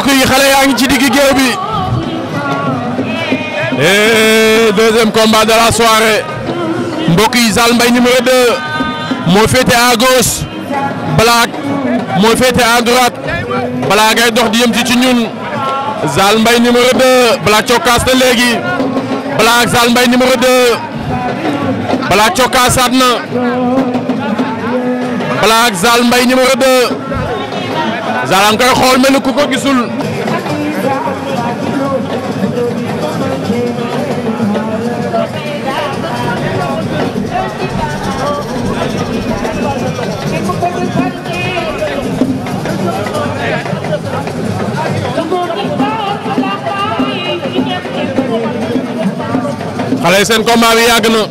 mbokk yi xale yaa ngi ci digg géew bi et eh, deuxième combat de la soirée mbokk yi Zal Mbaye numéro moo féete à gauche moo féete à droite Black dox di ci ci ñun Zal mbay numéro 2 Black cokkaas na léegi Black Zal Mbaye numéro 2 Black cokkaasaat na Black Zal Mbaye numéro 2 Zal am koy xool mel ni ko gisul. xale yi seen combat bi yàgg na.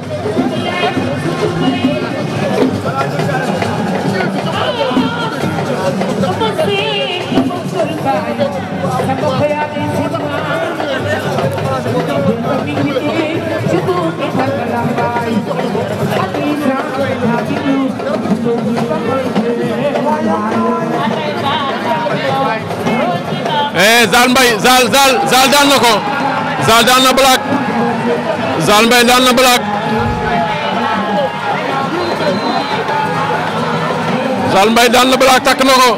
Eh, Zal Mbaye Zal Zal Zal daan na ko Zal daan na Black Zal Mbaye daan na Black Zal Mbaye daan na Black takk na ko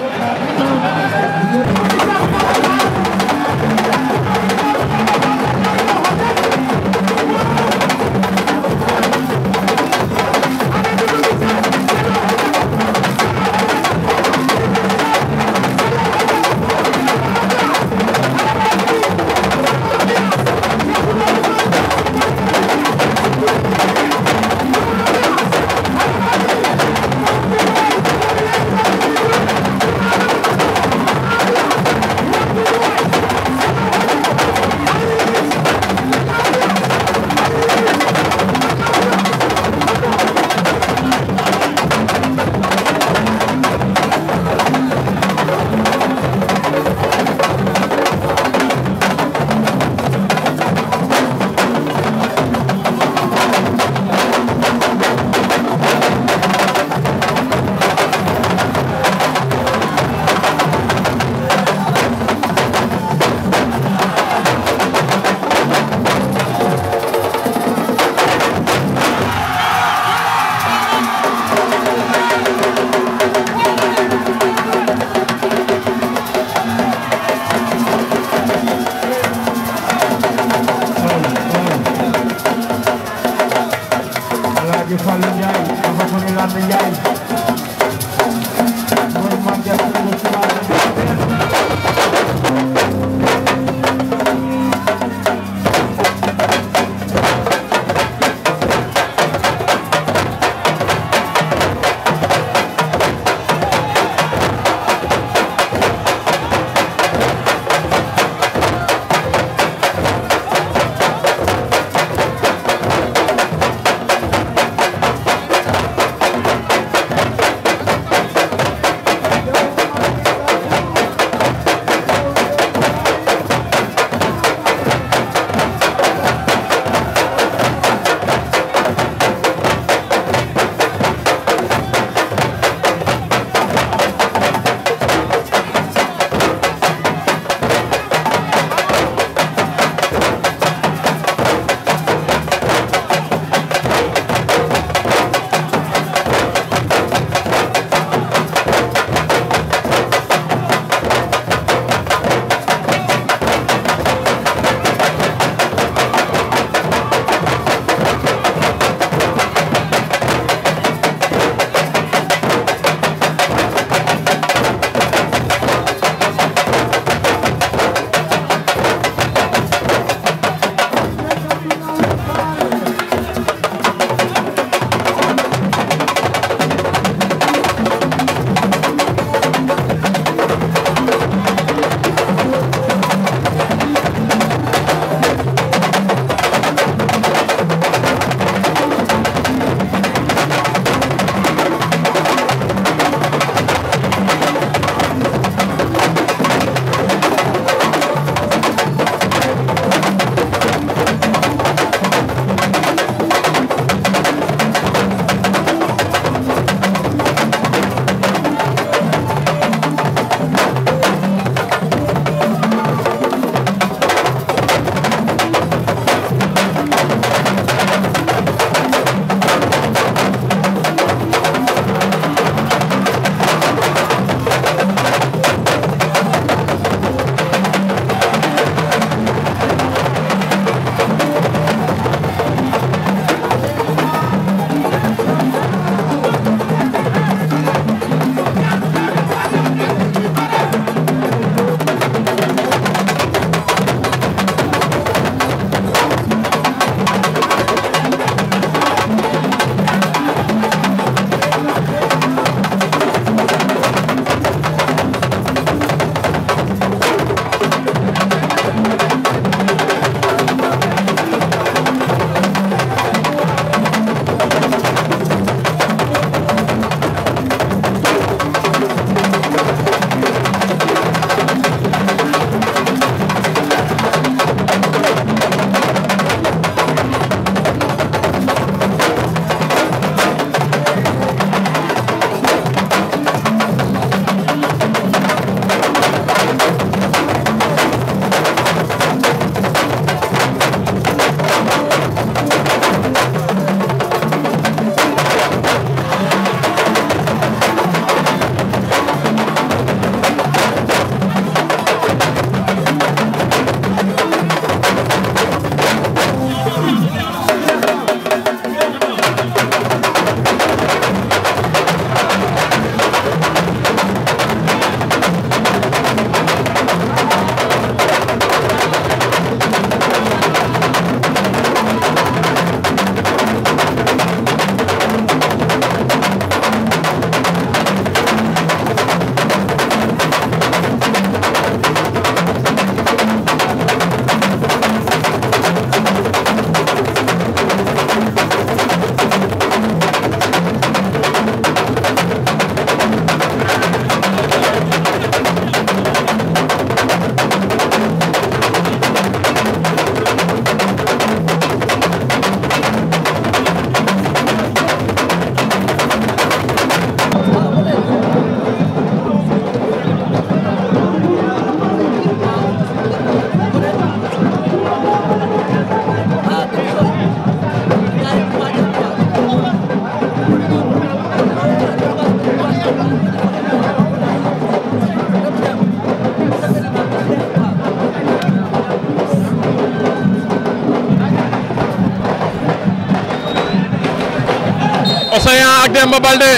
ak Demba Balde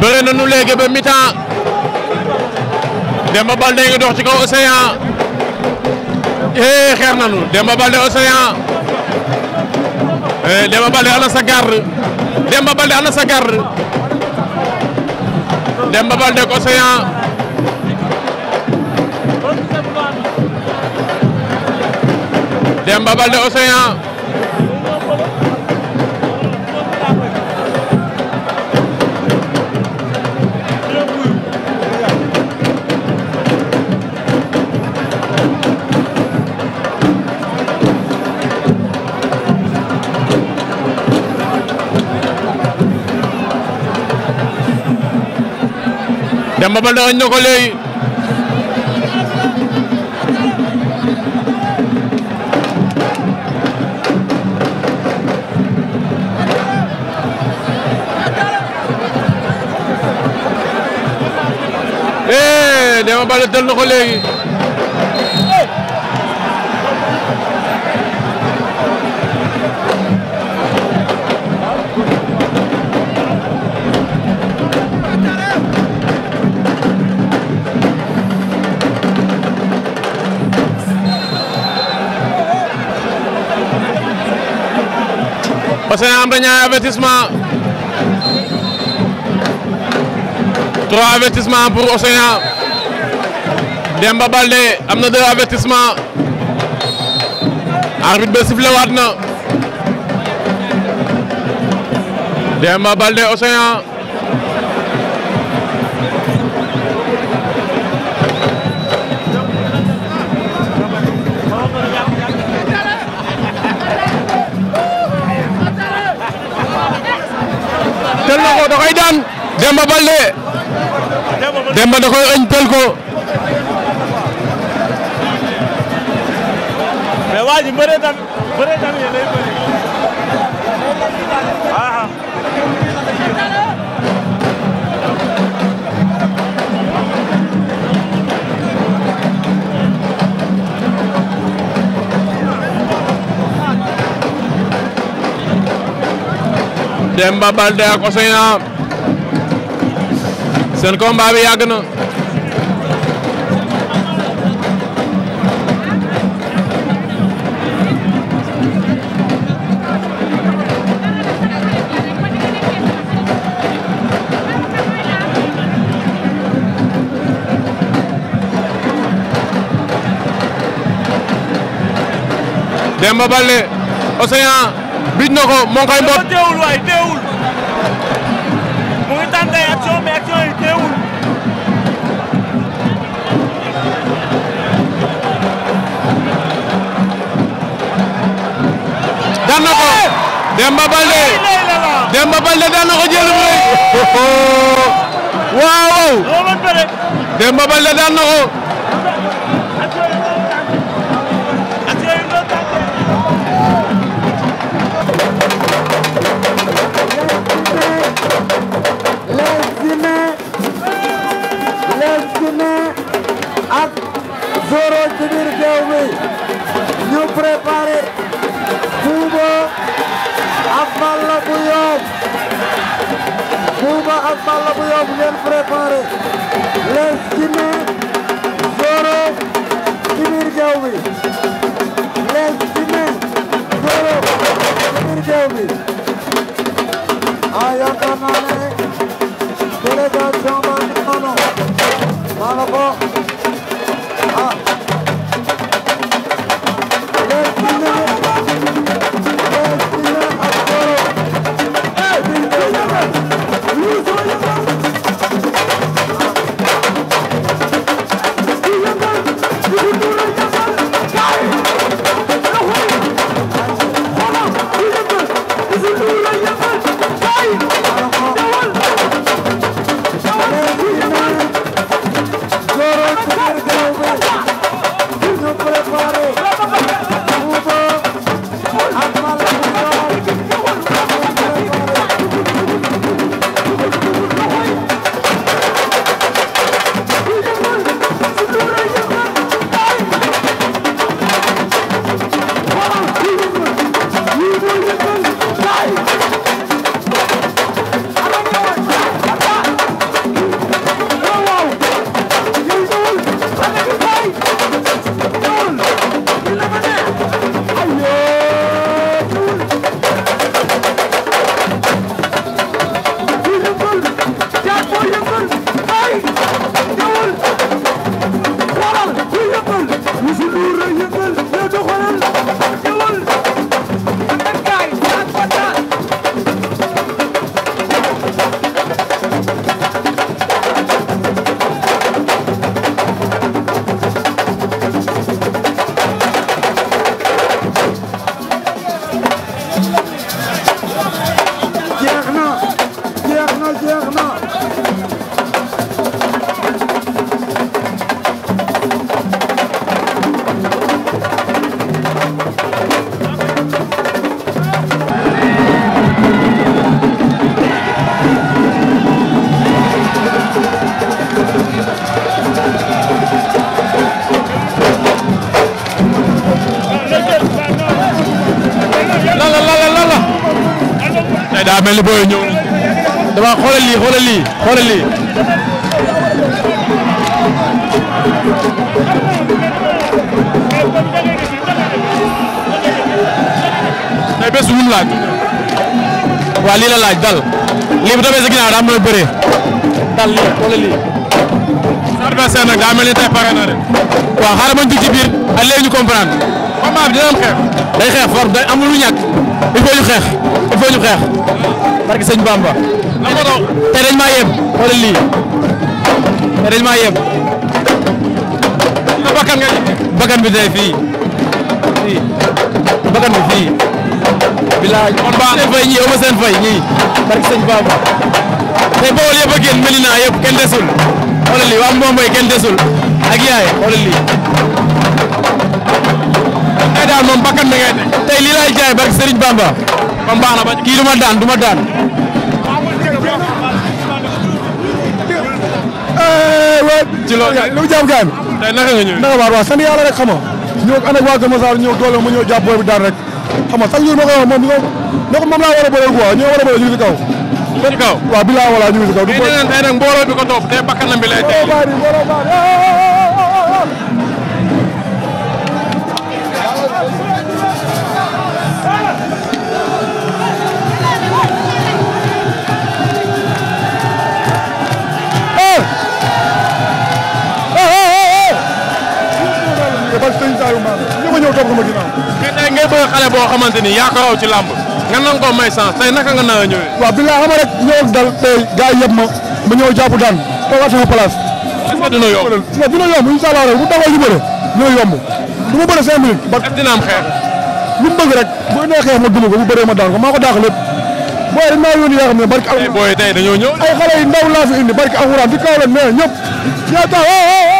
bëre nañu léegi ba mi-temps Demba Balde ngi dox ci kaw Océan eh xeex nañu Demba Balde Océan eh Demba Balde ana sa garde Demba Balde ana sa garde Balde ak Océan Demba Baldé añ na ko léegi eh, Demba Baldé dal na ko léegi Bocin am na ñaari avertissement trois Demba Baldé am na deux avertissement arbitre ba sifflé waat Demba Baldé Océan Demba Balde Demba da koy ëñ ko. waa ji bëree tam Demba Balde ak Océan. seen combat bi yàgg na. Demba Baldé Océan bij na ko moo ngi koy mbot teewul waay teewul mu ngi tànn daan na ko Demba Balde Demba Balde daan na ko jël bu rëy waaw Demba Balde daan na ko tey bés bu ñu laaj. waaw lii la laaj dal. lii bu demee si ginnaaw daa am nooy dal lii wala lii. sa adversaire nag daa mel pare na de. waaw xaaral ma ñu ci biir ak léegi ñu xeex. day xeex fort day am lu ñàkk. il faut xeex il Bamba. lan maa yeb wala lii. tey maa yeb. bakkan bi tey fii. fii bi fii. bilaay kon baax na fay ñii yow ma seen fay ñii barke sëñ Bamba tey Bawol yëpp a génn Medina yëpp kenn desul xoolal lii waa Mbomboy kenn desul yaay xoolal lii tey daal moom bakkan na ngay jaay barke Serigne Bamba kon kii du daan du daan eh, ci loolu lu mu jàpp gaay naka nga ñëw naka waa sant yàlla rek xama ñëw ànd ak waa Kër doole ma ñëw jàpp booy daan rek xam nga chaque ma koy wax moom ñu ne ko moom laa war a bëre quoi ñu war a bëre ñu ngi si kaw. ñu ngi si kaw waaw bi laa ñu ngi si kaw. du ko mais nee nañ tey nag mbooloo bi ko topp te ba sëñ Saalum maa ngi ma ñëw topp sama ginnaaw. mais tey ngay bëgg xale boo xamante ni ci làmb nga nangu may chance tey naka nga nar a ñëwee. waaw bilaa rek ñëw dal tey gars yi ma ma ñëw jàpp daan toogaat sama place. est dina yomb dina allah rek bu dawal ñu bëre dina daan ko maa ko daax lépp booy dañ maa yónni yoo xam ne barki alxuraan di kaw la ne ñëpp yaa tax eh, eh, eh.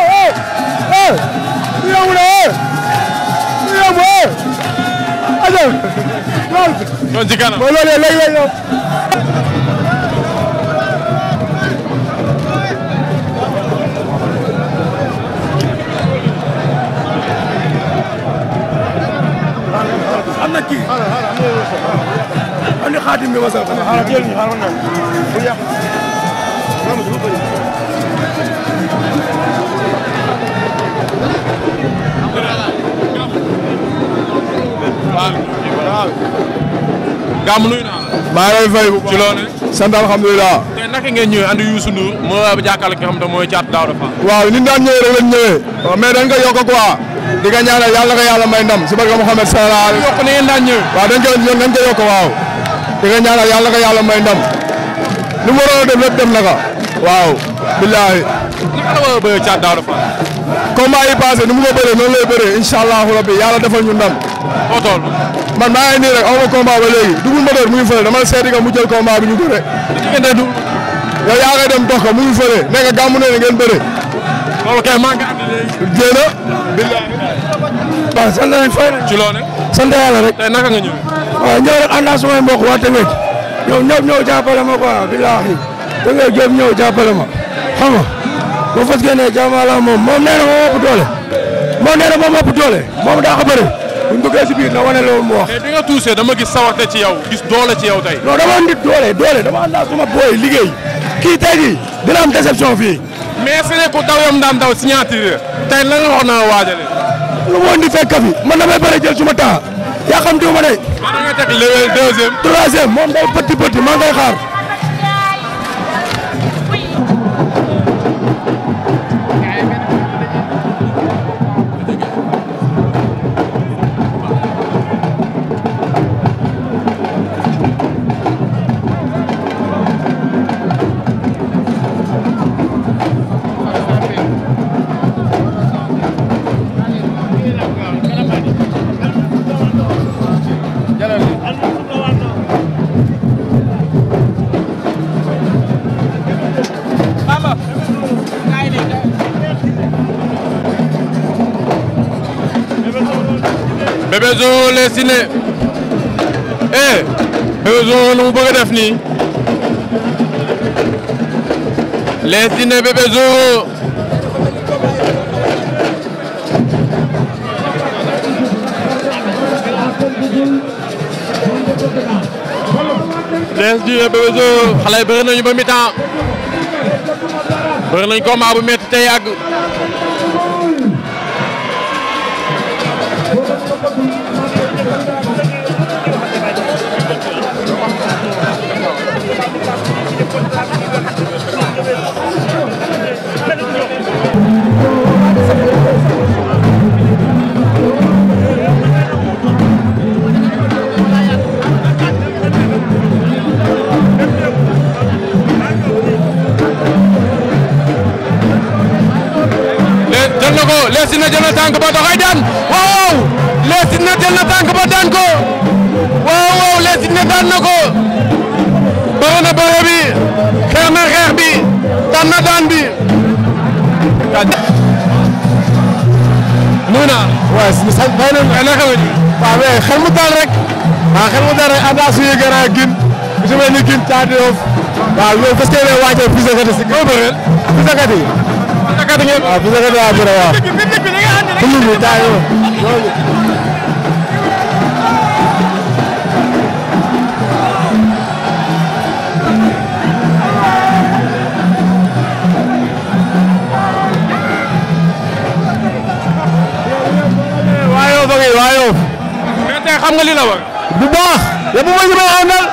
non ci kanam loolu léegi lay yow. am na kii. am na xaatim bi ma sax. xaaral jël ñu xaaral naan bu yàq. waaw. Gàmmu nuyu naa la. maa ngi lay fay bu baax ci loonee. sant alhamdulilah. waaw ni daan ñëwee rek lañ ñëwee. waaw mais dañ ko di nga ñaanal yàlla ko yàlla may ndam si barke Mouhamed sallallahu alayhi yokk na waaw ko di nga ñaanal yàlla ko yàlla may ndam. ni mu waroon a def lépp dem na ko. waaw. billaahi. a combat yi passé ni mu ko bëree noonu lay bëree incha allahu rabi yàlla defal ñu ndam. man maa ngi nii ma combat ba léegi dugub mbëbër mu ngi fële dama seeti nga mu jël combat bi ñu bëre. diggante yaa ngi dem dox ko mu ngi fële ne nga gàmmu ne ngeen bëree. loolu kay maa ngi andi a. ci loolu. sant yàlla rek. tey naka nga ñëwee. waaw ñëw rek ànd ak samay mbokk waa tamit ñoom ñëpp ñëw jàppale ma quoi billahi da ngay ma xam boo fas yéenee jàmmaarloo moom moom nee na moom doole moom nee na moom doole moom daa ko bëri bu ñu duggee si biir na wane loolu mu wax. mais bi nga tuusee dama gis sawarte ci yow gis doole ci yow tey. non dama nit doole doole dama ànd ak booy liggéey kii tey jii dina am fii. mais su ne ko daw yam daan daw signature tey lan la wax na la waajalee. lu ma indi fekk fi man damay bëri jël suma temps yaa xam diw ma ne. man nga teg le deuxième. troisième moom day Bébé Zoho Lé Siné eh Bébé Zoho lu mu bëgg a def nii Lé Siné Bébé Zoho Lé Siné Bébé Zoho xale yi bëri nañu ba mi temps bëri nañu combat bu métti te na ko leesin na jël na tànk ba doxay daan waaw leesin na jël na tànk ba daan ko waaw waaw leesin na daan na ko bëre na bëre bi xeex na xeex bi daan na daan bi. nuyu naa. waaw si sa bay nañu xel xel xel. waaw mais xel mu daal rek. waaw xel mu daal rek am naa suñuy gannaaw gin. su ma ni gin caati yoof. waaw loolu parce que waajal fii sa kati si. koo bëreel fii sa kati. ka ngeen waaw bu saka da bëre waaw kullu mi tayo loolu xam nga li la wax bu baax ya bu ma ñu may àndal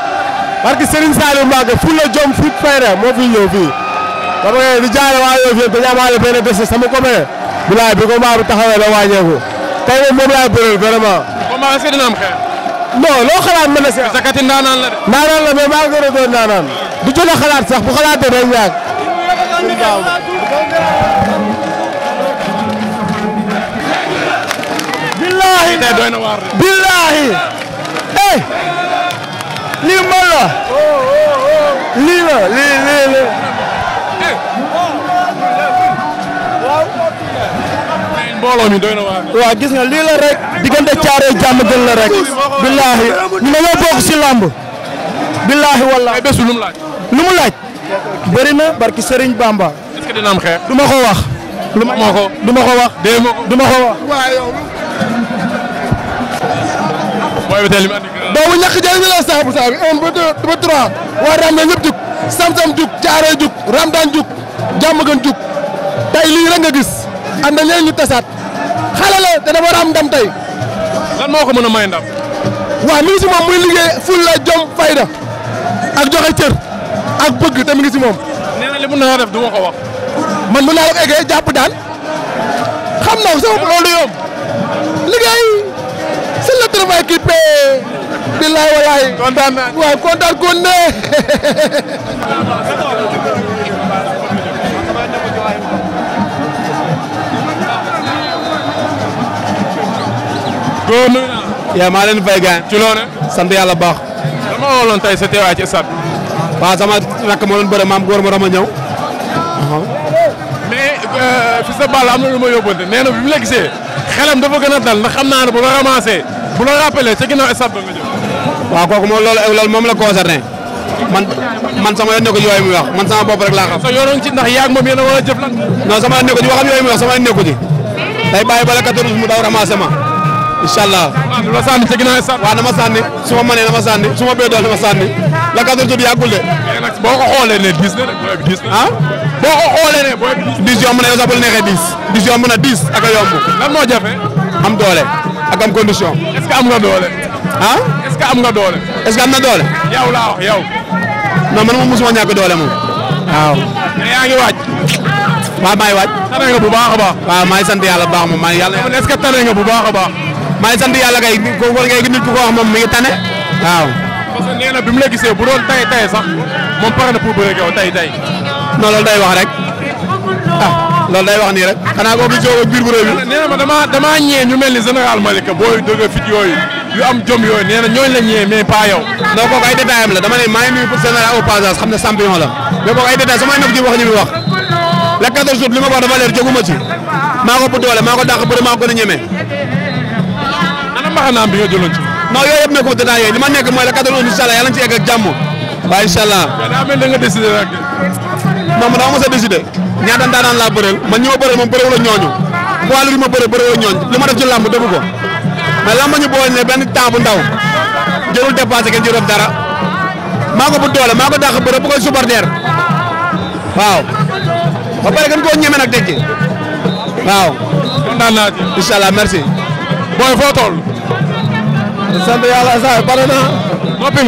parce que Serigne Saliou Mbacké fu la jom fit fayra moo fi ñëw fii dama koy di jaare waa Yoff yëpp dañu amaale benn des sama copain. bilaay bi combat bi taxawee la wàññeeku. tey moom moom laay bëreel vraiment. combat est-ce que dina am xeex. non loo xalaat mën na si. sakati naanaan la de. naanaan la mais maa ngi gën a doon naanaan. du jël xalaat sax bu xalaatee day ñaag. billahi tey doy na waar de. billahi. eh. lii mën la. lii la lii lii lii. waaw. mbooloo mi doy na waar. gis nga lii rek diggante caaree jàmm gën la rek. billaahi ñu ne ñoo bokk si làmb. billaahi wallaahi. lu mu laaj. lu barki Serigne Bamba. du ma wax. du ma wax. du ma wax. waaw yow. saabu saabu un ba ba trois. waa Rambey ñëpp sam-sam jug caaree jug ramdaan jug jàmm gën jug tey lii rek nga gis am na ñeneen tasaat xale la te dafa war a am ndam tey. lan moo a mi ngi si moom muy liggéey ful la fayda ak joxe cër ak bëgg te mi si moom. man mun naa la jàpp daan xam naa sama loolu yomb liggéey c'est le travail qui paie. billaay walaay kontaan naa waaw kontaan kon ne góor nuyu naa. yaa maa leen fay gaañ. ci loone sant yàlla baax. dama woloon tey sa teewaay ci stade. waaw sama rakk moo doon bëre maam góor ma dama ñëw. mais euh, fi sa ball am na lu ma yóbbante nee na bi mu la gisee xelam dafa gën a dal ndax xam naa ne bu la ramassé bu la rappelé ca ginnaaw stade ba nga jëm. waa kooku moom loolu loolu moom la concerné man man sama yoon nekkul yooyu muy wax man sama bopp rek la xam. soo yoroon ci ndax yaa ngi moom yéen a war a sama yoon nekkul ci waxam yooyu muy wax sama yoon nekkul ci day bàyyi ba la 14 mu daw ramassé ma incha allah. waaw du la na ma sànni su ma mënee na su ma bee doon na ma sànni la 14 bi yàggul de. boo ko xoolee ne 10 la nag 10 ah. boo ko xoolee ne booy 10 yomb na yow sax bu la neexee 10 10 yomb na 10 ak a yomb. moo jafe. am doole ak am condition. est-ce que am que am nga doole. est ce que am na doole. yow laa wax yow. non man moom mosuma ñàkk doole moom. yaa ngi waaj. waaw maa ngi waaj. tane ka bu baax a baax. waaw maa ngi sant yàlla bu baax moom maa ngi yàlla. est ce que bu baax a baax. maa ngi sant yàlla kay ko war ngay nit ku ko wax moom mi gi tane. waaw. parce que bi mu la gisee bu doon tay tay sax moom pare na pour bëre yow tay tay. non loolu day wax rek ah loolu day wax nii rek xanaa ko obligé wu ak biir bu rëy bi. nee na ma damaa damaa ñee ñu mel ni général yu am jom yooyu nee na ñooñu la ñëwee mais pas yow. non kooku ay détails am la dama ne maa ngi nuyu pour général au passage xam ne champion la mais kooku ay détails su may ci wax ñu muy wax le 14 août li ma wax dafa leer maa ko bu doole maa ko dàq bëri maa ko gën a ñeme. ana mbaxanaam bi li ma nekk mooy le 14 août incha allah yàlla nañu ci egg ak jàmm. waaw incha allah. mais daa mel ne nga décidé rek. non man dama mos a décidé. ñaata daan daan laa bëreel man ma bëreel moom bëreel la ñooñu poids lu ma bëreel ma def ko mais lan ma ñu boole ne benn temps bu ndaw jërul dépassé kenn jërëb maa ko bu doole maa ko dàq bëre bu koy supporter waaw ba pare gën koo ñeme nag dégg waaw. kontaan naa booy foo toll. sant yàlla saa pare naa. na. 19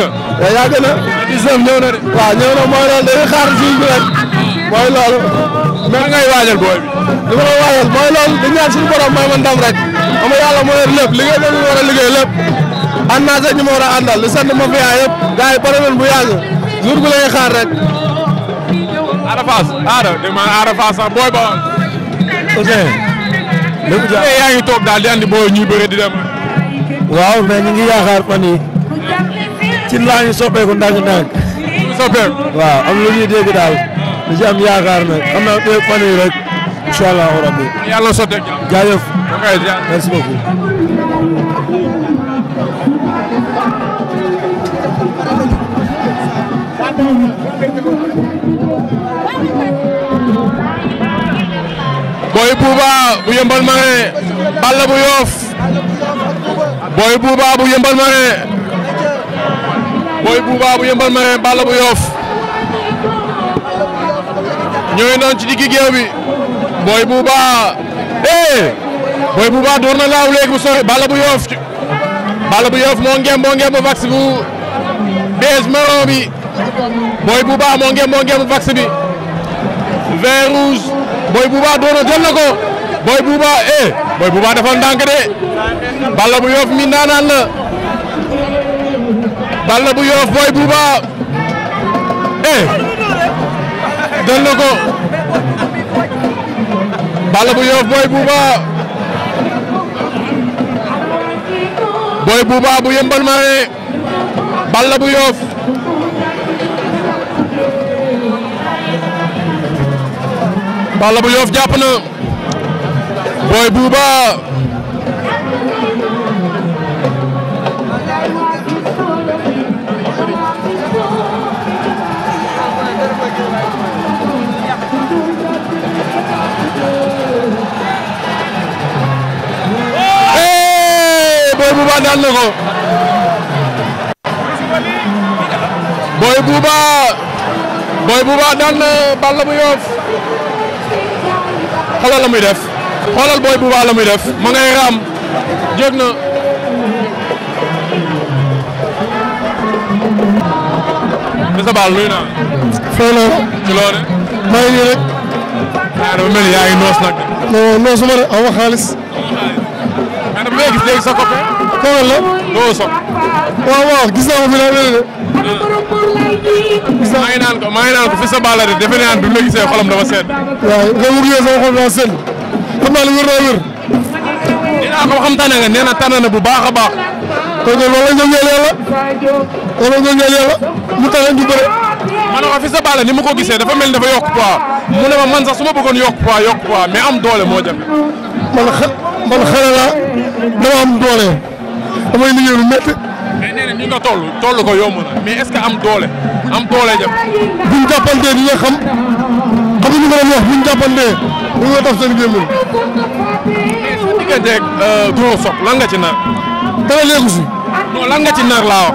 ñëw na de. waaw na mooy loolu dañuy xaar suuf bi rek. mooy loolu. mais ngay waajal booy bi. li ma la waajal mooy loolu di ñaan suñu borom may ma ndam rek. xam nga yàlla moo yor lépp liggéey bi war a liggéey lépp ànd naa sax ñu ma war a àndal di sant ma fi yaay yëpp gars yi pare nañ bu yàgg jour bi la ñuy xaar rek. Ada Fass Ada dégg naa Ada Fass sax booy ba. ok. lépp jàpp yaa ngi toog daal di andi booy ñuy bëre di dem. waaw mais ñu ngi yaakaar fan yii ci laa ñu soppeeku ndànk-ndànk. soppeeku waaw am lu ñuy dégg daal di ci am yaakaar nag xam naa fan yii rek. incha allah rabbi. yàlla na sotti ak jàmm. jaajëf. merci beaucoup. Boy Bouba bu yëmbal ma ne Balla bu Yoof Boy Bouba bu yëmbal ma ne Boy Bouba bu yëmbal ma ne Balla bu Yoof ñooy noonu ci diggi géew bi Boy Bouba eh Boy Bouba door laaw léegi bu sori Balla bu Yoff Balla bu Yoff moo ngem moo vax bu beige marron bi Boy Bouba moo ngem moo vax bi vert Boy Bouba door na jël ko Boy Bouba eh Boy Bouba dafa ndànk Balla bu Yoff mi naanaan Balla bu Yoff Boy Bouba eh jël ko. Balla bu Yoff Boy Bouba Boy Bouba bu yëmbal mare Balla bu Yoff Balla bu jàpp na Boy Boy Buuba Boy Buuba daan Balla bu Yoff xoolal la muy def la muy def ma ngay raam Balla nuyu naa. fay naa la. ci loone. Ah, noos nag. non non su ma de aw ma xaalis. yaa ah, dama gis léegi kooku la. doo soog. waaw waaw gis de. gis naa maa ngi naan ko maa ngi fi sa baala de defe ne bi ma gisee xolam dafa sedd. waaw nga wër yooyu sama xol dafa sedd. xam naa ne wër naa wër. dinaa ko xam tànn nga nee na tànn na bu baax a baax. kooku loolu la ñu ñëw yàlla. loolu la ñu ñëw yàlla mu tax ñu bëre. ma ko fi sa baala ni ma ko gisee dafa mel ni dafa yokk poids mu ne ma man sax su ma bëggoon yokk poids yokk poids mais am doole moo jafe. man xa man xale la dama damay liggéey lu métti. mais nee na ni nga toll toll ko yomb na mais est ce am doole am doole jëm. bu ñu jàppantee dina xam xamuñu ko doon wax bu ñu jàppantee bu ñu ko taf seen gémmiñ. mais sa euh, lan nga ci nar. dara léegi si. non lan nga ci nar laa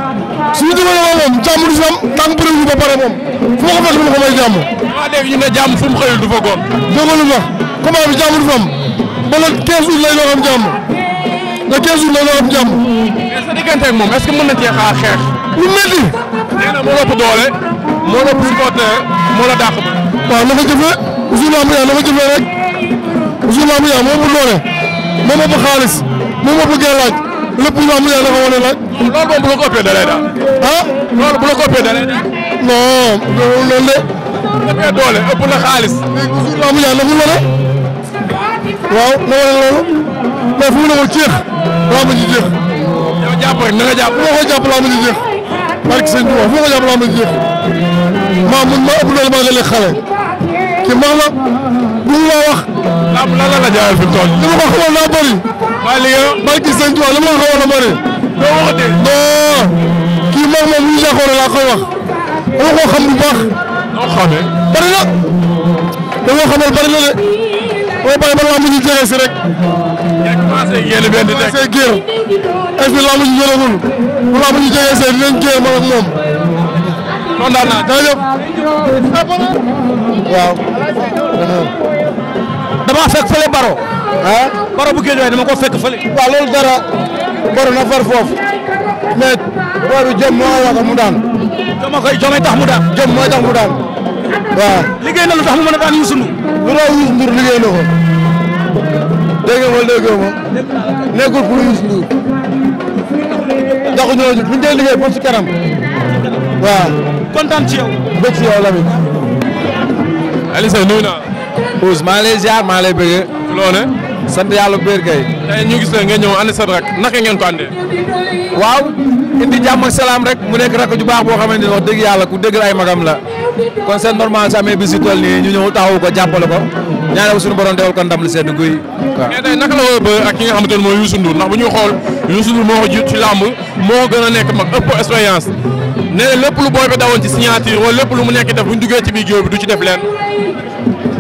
si am tànk bëri wu ba pare moom fu ma ko fekk dama ko may jàmm. waaw ah, dégg ñu ne jàmm fu lu ma comment bi jàmm du fa am le 15 août la nga am jàmm. mais sa diggante ak moom est ce que mën na cee xaar xeex. lu métti. nee na moo la ëpp doole. moo la ëpp supporter moo la dàq ba. waaw na ko jëfee Ousseyn Lamou Dia na ko jëfee rek Ousseyn Lamou Dia moo ëpp doole moo ëpp xaalis moo ëpp gàllaaj lépp Ousseyn Lamou Dia dafa wane laaj. loolu moom bu la ko ëppee da lay daal. ah loolu bu la ko ëppee da lay daal. non loolu de. ëppee doole ëpp na xaalis. léegi Ousseyn Lamou Dia na mu wane. waaw na wane loolu. mais fu mu nekkul jeex laa ma ji jeex. yow jàpp rek na nga jàpp. fu ma ko jàpp laa ma ji jeex. barke sëñ Tuubaa fu ma ko jàpp laa ma ji jeex. maa mun ma ëpp loolu maa ngi lekk xale. ki ma la bu ma wax. lan lan la la jaayal fi mu toll. li ma ko xamoon naa bëri. maa ngi liggéey barke sëñ Tuubaa li ma ko xamoon na bëri. doo waxatee. non kii moom moom ñu jàkkoon laa koy wax. dama koo xam bu baax. noo xamee. bëri na. dama koo xamal bëri na de. boo bàyyi ba laa mujj jeexee si rek. commencé génn benn dëkk commencé génn est-ce que làmb ji jëlagul bu làmb ji jegee see dinañ génn man ak moom. kon daan naa jërëjëf. waaw. damaa fekk fële baro. ah baro bu géej waaye dama ko fekk fële. waaw loolu dara baro na far foofu mais booru jëm moo waral mu daan. joma koy jomay tax mu daan. jom mooy tax mu daan. waaw. liggéey na lu tax mu mën a daan Youssou Ndour. lu raw Youssou Ndour liggéey na ko. dégg nga wala déggoo ma nekkul pour Youssou Ndour ndax ñooñu buñ dee liggéey pour ci kanam waaw. kontaan ci yow. bëgg ci yow Lamine. Aliou Sow nuyu naa. Ousse maa lay ziar maa lay bëggee. loone sant yàlla bu wér kay. tey ñu gis la nga ñëw ànd sa rak naka ngeen ko àndee. waaw indi jàmm ak salaam rek mu nekk rak ju baax boo xamante ne wax dëgg yàlla ku dëggal ay magam la kon c'est normal su amee bis yu toll nii ñu ñëw taxawu ko jàppale ko. ñaanal suñu bu ñuy xool Youssou Ndour moo nee lépp lu booy bi dawoon ci signature wala lépp lu mu nekk def bu ñu duggee ci biir géew bi du ci def leen.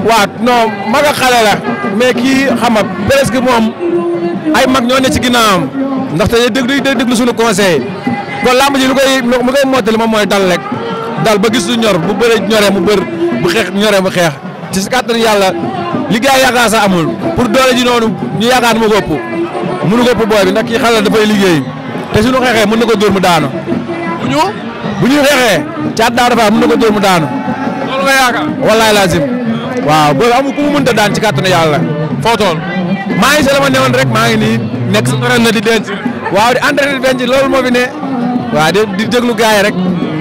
waaw non mag a xale la mais kii xam presque moom ay mag ñoo ne ci am ndaxte day déglu day déglu suñu conseil kon làmb ji lu koy lu koy mottali moom mooy dal rek dal ba gis lu ñor bu bëree ñoree mu bër bu xeex ñoree mu xeex ci si kàttan yàlla. li gars yaakaar sax amul pour doole ji noonu ñu yaakaar mu ko ëpp mënu ko ëpp booy bi ndax kii xale dafay liggéey te suñu xeexee mën na ko dóor mu daanu. bu ñu. bu ñuy xeexee caat daa dafa mën na ko dóor mu daanu. loolu nga yaakaar. wallaay waaw boobu amul ku mu mënta daan ci kàttanu yàlla. foo tool maa ngi si la ma rek maa ngi ni nekk si na di denc. waaw di entraîné di denc loolu moo fi ne. waaw di di déglu gars yi rek.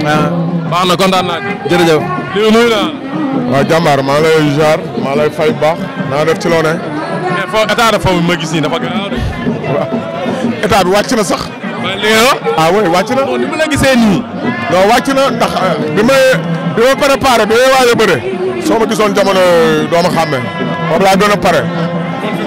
waaw. baax na kontaan naa jërëjëf. waaw jàmbaar maa lay jaar maa lay fay bu baax naa def ci loo ne. mais foo état de ma gis nii dafa gën a. état bi wàcc na sax. ah oui wàcc na. bon ni la gisee nii. non wàcc na ndax euh, bi may bi ma bi may waaj a bëre soo ma gisoon jamono doo ma xàmmee moom laa gën a pare.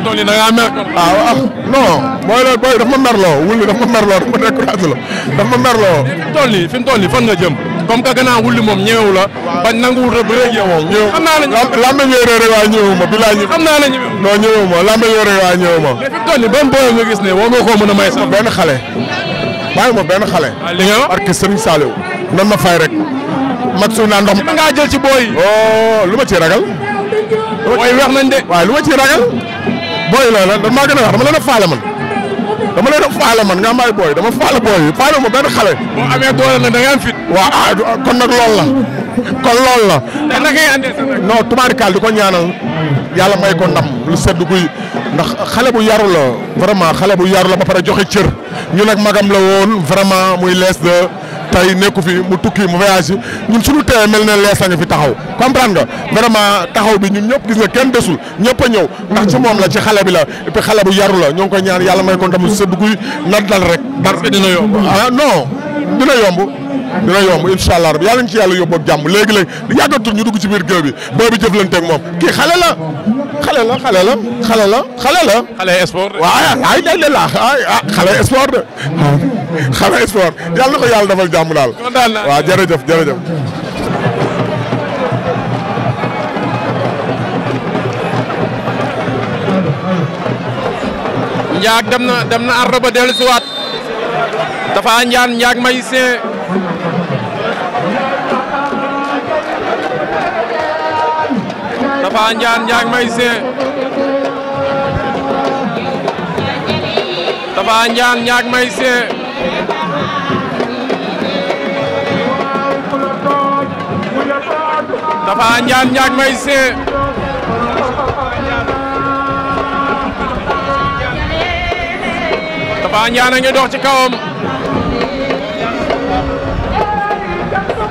tool yi da ah, ah, booy daf ma merloo wul daf ma merloo daf ma découragé la daf ma merloo. tool yi fi mu toll nii fan nga jëm. comme que gannaaw wulli moom ñëwewu la. ba nanguwul rek bëre yow. ñëw xam naa la ñëw lambe ñëw rek waa ñëwewu ma bi laa ñëw. naa la ñëwewu non ñëwewu ma lambe ñëw rek waa ñëwewu ma. mais fi mu toll nii ban booy nga gis ne woo nga koo mën a may sax benn xale. bàyyi ma benn xale. waaw ah, li nga wax parce que Serigne Saliou. ma fay rek. mag suy naa ndox mi. nga jël ci booy yi. oh lu ma ciy ragal. booy wax nañ de. waaw lu ma ciy ragal. booy la la maa gën a wax dama a man dama leen a faale man nga am ay booy dama faale booy yi benn xale. boo amee doole nag da ngay am fit. waaw ah, kon nag loolu la kon loolu la. te na ngay andee sa nag. di ko ñaanal yàlla may ko ndam lu sedd guy ndax xale bu yaru la vraiment xale bu yaru la ba pare joxe cër ñu nag magam la woon vraiment muy lees de. tey nekku fi mu tukki mu voyage ñun suñu tee mel na lees lañu fi taxaw comprendre nga vraiment taxaw bi ñun ñëpp gis nga kenn desul ñëpp a ñëw ndax ci moom la ci xale bi la et xale bu yaru la ñoo ngi koy ñaan yàlla may ko ndam sëdd guy na dal rek dara dina yomb ah non dina yomb dina yomb incha allah rabi yàlla nañ ci yàlla yóbbu ak jàmm léegi-léegi yàggatul ñu dugg ci biir géew bi booy bi jëflanteeg moom kii xale la xale la xale la xale la xale la. xale sport de. waaw ay ay la ah xale sport de xale sport yàlla na ko yàlla defal jàmm daal. waaw jërëjëf jërëjëf. Ndiak dem na dem na ardo ba dellusiwaat dafa ñaan Ndiak may seen. Tapha Ndiane Ndiack Mécanicien Tapha Ndiane Ndiack Mécanicien Tapha Ndiane Ndiack Mécanicien Tapha Ndiane a ngi dox ci kawam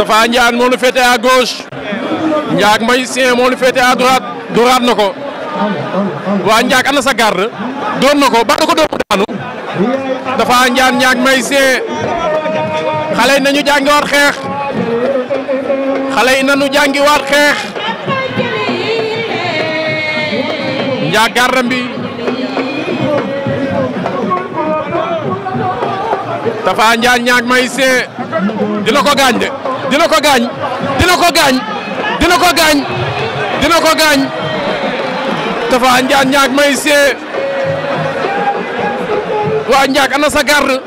Tafa Ndiaye moo ñu féete à gauche Ndiaye magicien moo ñu à droite dooraat na ko waa Ndiaye ana sa garde doon na ko ba na ko doomu daanu Tafa Ndiaye Ndiaye magicien xale yi nañu jàngiwaat xeex xale yi jàngiwaat xeex Ndiaye gardam bi Tafa Ndiaye Ndiaye magicien dina ko gaañ de dina ko gaañ dina ko gaañ dina ko gaañ dina ko gaañ Tapha Ndiaye ñaak may see waa Ndiaye ana sa garde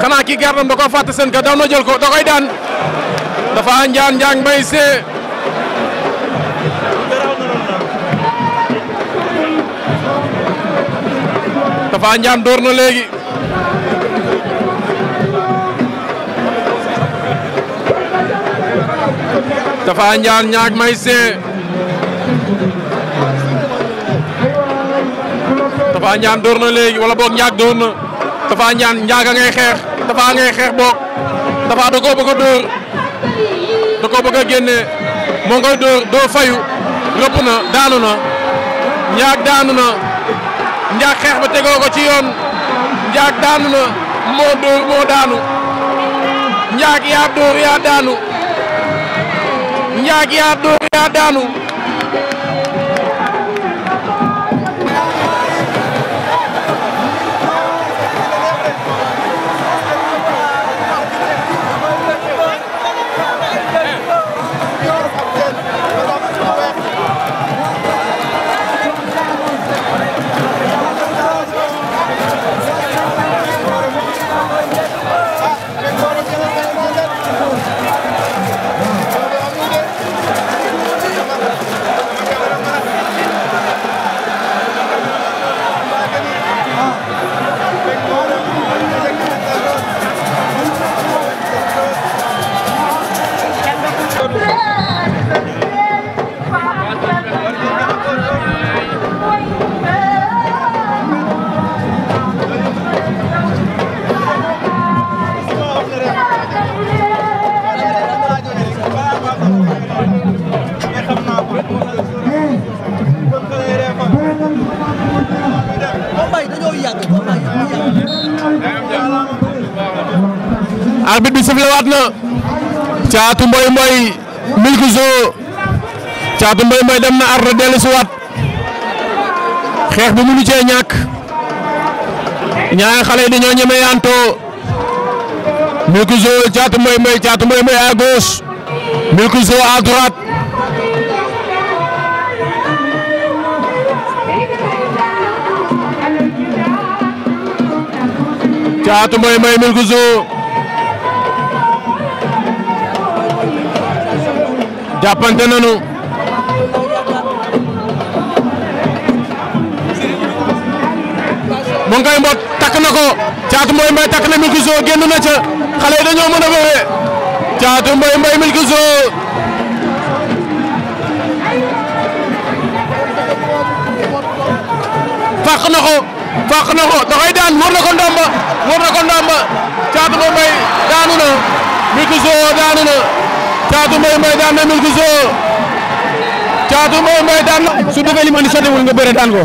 xanaa ki gardam da koo ka daw na jël ko da koy daan Tapha Ndiaye Ndiaye may see Tapha Ndiaye door na léegi Tapha Ndiane Niang Maïssin Tapha Ndiane door na léegi wala boog Niang door na Tapha Ndiane Niang a ngay xeex Tapha ngay xeex boog Tapha da koo bëgg a door génne moo ngay door doo fayu rëpp na daanu na Niang daanu na Niang xeex ba tegoo ko ci yoon Niang daanu na moo door moo daanu Niang yaa door yaa daanu. Ndiack yaa dóor yaa daanu sifle waat na caatu mboy mboy milku zoo caatu mboy mboy dem na ardo dellu si waat xeex bi mënu cee ñàkk ñaari xale yi dañoo ñeme yaantoo milku zoo caatu mboy mboy caatu mboy mboy à caatu mboy mboy milku zoo jàppante nañu mu ngay mbot takk na ko Caatu Mboy Mbaye takk na Milkzo génn na ca xale yi dañoo mën a bëre Caatu Mboy Mbaye Milkzo na ko fàq na ko da koy daan war na ko ndomba war na ko ndomba Caatu Mboy daanu na Milkzo daanu na Caatu Mboy daan na Milku Zoo Caatu Mboy daan na. su defee li mu andi nga bëre daan ko.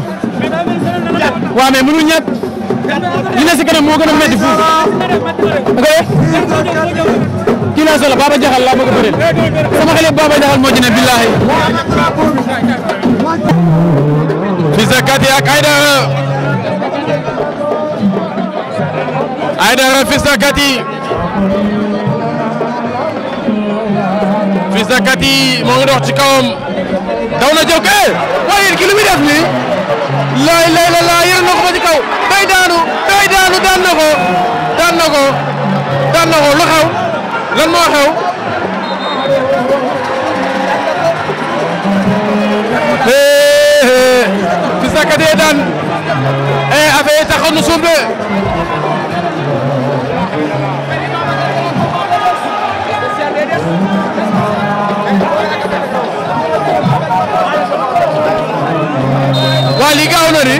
waaw mais mënul ñett li ne si kanam moo gën a métti fuuf ok kii laa Jaxal laa bëgg a bëre sama xel Baba Jaxal moo ci billaahi. Fils de ak Aïdara Aïdara Fils de Zakati moo ngi dox ci kawam daw na jóg eh waaye yéen ki lu lay la laa yéen ci kaw day daanu daan na ko daan na ko daan na ko lu xew lan moo xew. Eh, eh, eh. Zakati daan eh affaire yi taxaw na suuf waa lii gaaw na ni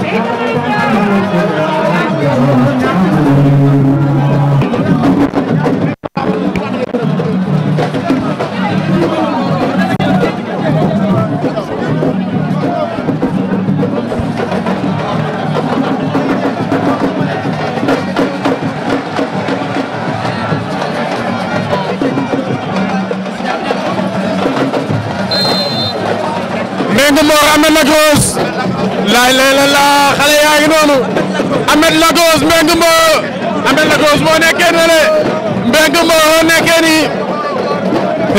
Thank you. Ahmed Lagos laay lay la xale yaa ngi noonu Ahmed Lagos Mbengue Mbo Ahmed Lagos moo nekkee ne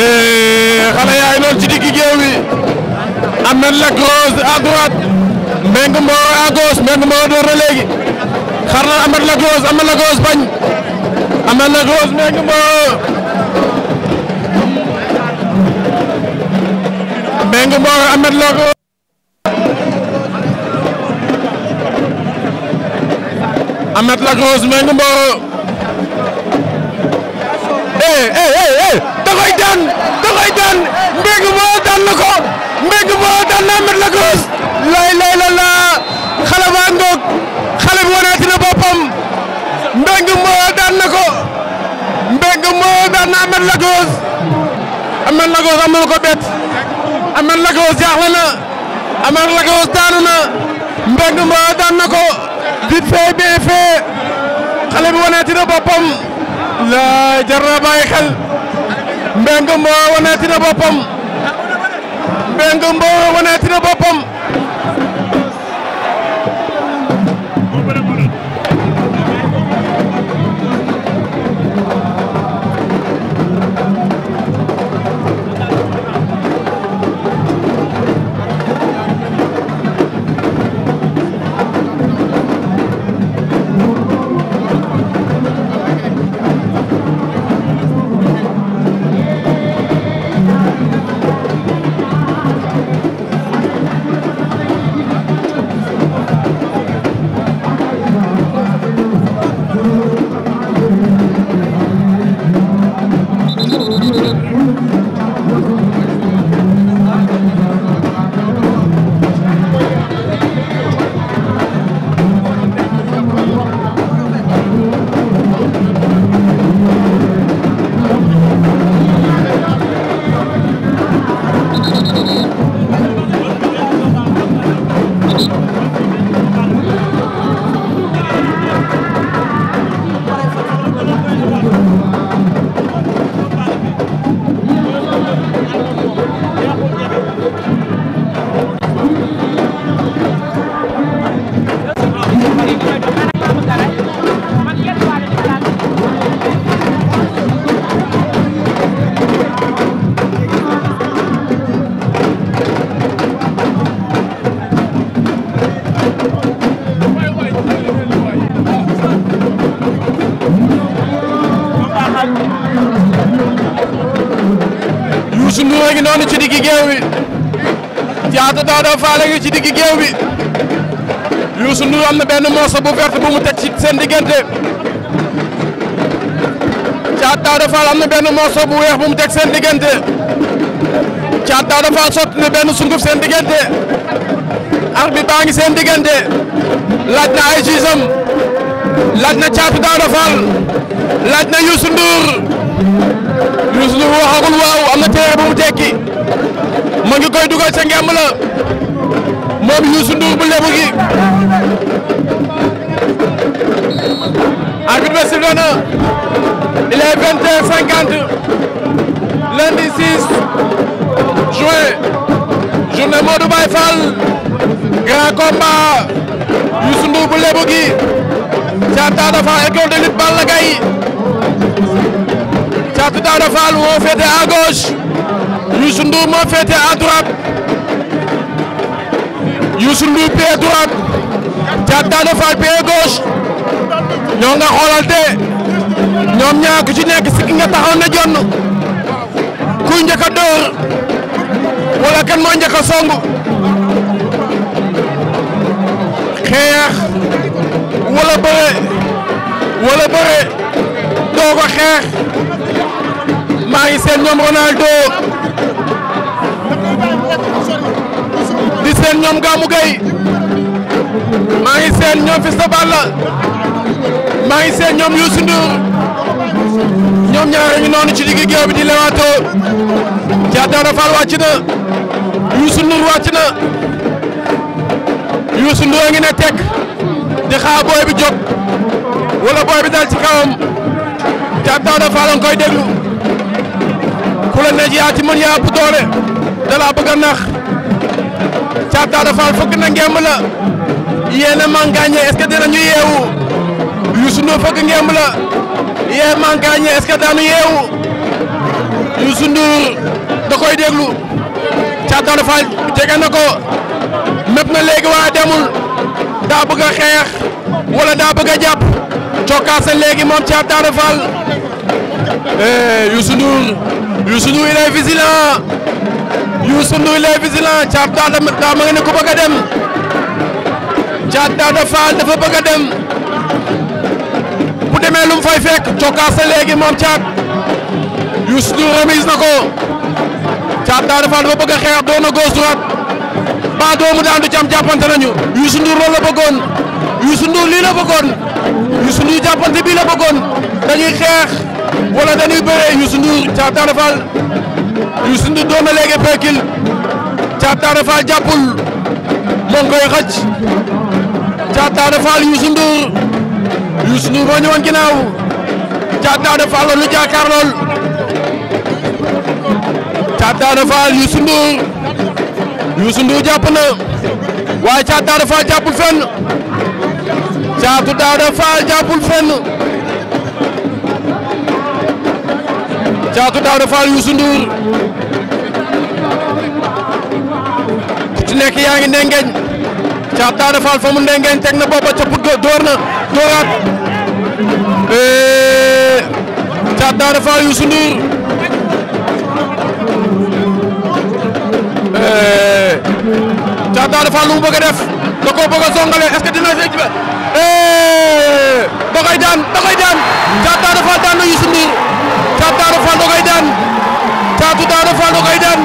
eh, xale yaa ci digg géew wi Ahmed Lagos à droite Mbengue Mbo à gauche door na xar na Ahmed Lagos bañ Ahmed Lagos Mbengue Mbo Mbengue Mbo Ahmed Lagos Amet la Grosse Mbengue Mboro eh eh eh, eh da daan na ko Mbengue la Grosse lay la la xale baa ngoog xale bi wanaati na daan na ko Mbengue Mboro daan na Amet la Grosse Amet la Grosse amul na Amet la Grosse daan na ko vite fait bien fait xale bi wanaati na boppam la jar na bàyyi xel Mbengue Mbow wanaati na boppam Mbengue Mbow wanaati na boppam diggi géew bi Thiatou Daouda Fall ngi ci diggi géew bi Youssou Ndour am benn morceau bu mu teg ci seen diggante Thiatou Daouda Fall bu weex bu mu teg seen diggante Thiatou Daouda Fall sotti na benn seen diggante seen diggante laaj na Thiatou Daouda Fall laaj na Youssou Ndour Youssou Ndour waxagul waaw am na téere bu mu tekki ma ngi koy dugal sa ngemb la moom Youssou Ndour bu lebu gi arbitre bi sifflé na lundi 6 juin journée Modou Baye Fall grand combat Youssou Ndour bu lebu gi Thiatou Daouda Fall école de lutte Balla Gaye Thiatou Daouda Fall moo féete à gauche Youssou moo féete à droite Youssou Ndour pied droite Thiatou Daouda Fall pied gauche ñoo nga xoolante ñoom ñaar ku ci nekk si ki nga taxaw na jonn kuy njëkk a dóor wala moo njëkk a xeex wala bëre wala bëre doo ko maa ngi seen ñoom Ronaldo di seen ñoom Gamou Gueye maa ngi seen ñoom Fils maa ngi seen ñoom Youssou ñoom ñaar ñu noonu ci digg géew bi di lewaatoo Diatta Rafal na Youssou Ndour na Youssou Ndour ne tekk di xaar booy bi jot wala booy bi dal ci kawam Jackson dafa la koy déglu ku la nekk yaa ci mën yaa ëpp doole da laa bëgg a nax Jackson na ngemb la yéen a màngaañee est-ce que dinañu yeewu Youssou Ndour fëgg ngemb la yéen màngaañee est-ce que daanu yeewu Youssou Ndour da koy déglu Jackson dafa jege na ko mépp na léegi waaye demul. daa bëgg a xeex wala daa bëgg a jàpp cokkaase léegi moom Thiatou Daouda Fall eh, Youssou Ndour Youssou Ndour il est vigilant Youssou Ndour il est daa ma nga ne ku bëgg a dem Thiatou Daouda Fall dafa bëgg a dem bu demee lu mu fay fekk cokkaase léegi moom Thiatou Youssou Ndour remise ko Thiatou Daouda Fall dafa bëgg xeex doon na gauche droite ba doomu daan du ci am jàppante nañu Youssou Ndour loolu la bëggoon Youssou Ndour lii la bëggoon Youssou Ndour jàppante bii la bëggoon dañuy xeex wala dañuy bëree Youssou Ndour Thiatou Daouda Fall Youssou Ndour doon peekil Thiatou Daouda jàppul moo ngi koy xëcc Thiatou Daouda Fall Youssou Ndour Youssou Ndour moo ñëwoon loolu jaakaar lool Thiatou Daouda Fall Youssou Youssou Ndour jàpp na waaye Thiatou Daouda Fall jàppul fenn Thiatou Daouda Fall jàppul fenn Thiatou Daouda Fall Youssou Ndour ku ci nekk yaa ngi ndengeñ Thiatou Daouda Fall fa mu teg na boppa ca put door na dooraat eh, Thiatou Daouda Fall Youssou Ndour Caata dafa lu mu bëgg a def da koo bëgg a songale est-ce que dina fekk daan da daan Caata dafa daan na daan Caatu Daara Fall da daan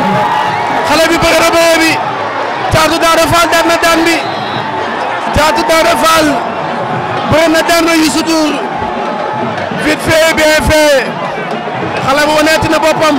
xale bi bëgg na bëree bi Caatu Daara Fall daan daan bi Caatu Daara Fall bëri na daan na Youssou Ndour vite fait bien xale bi waneeti boppam.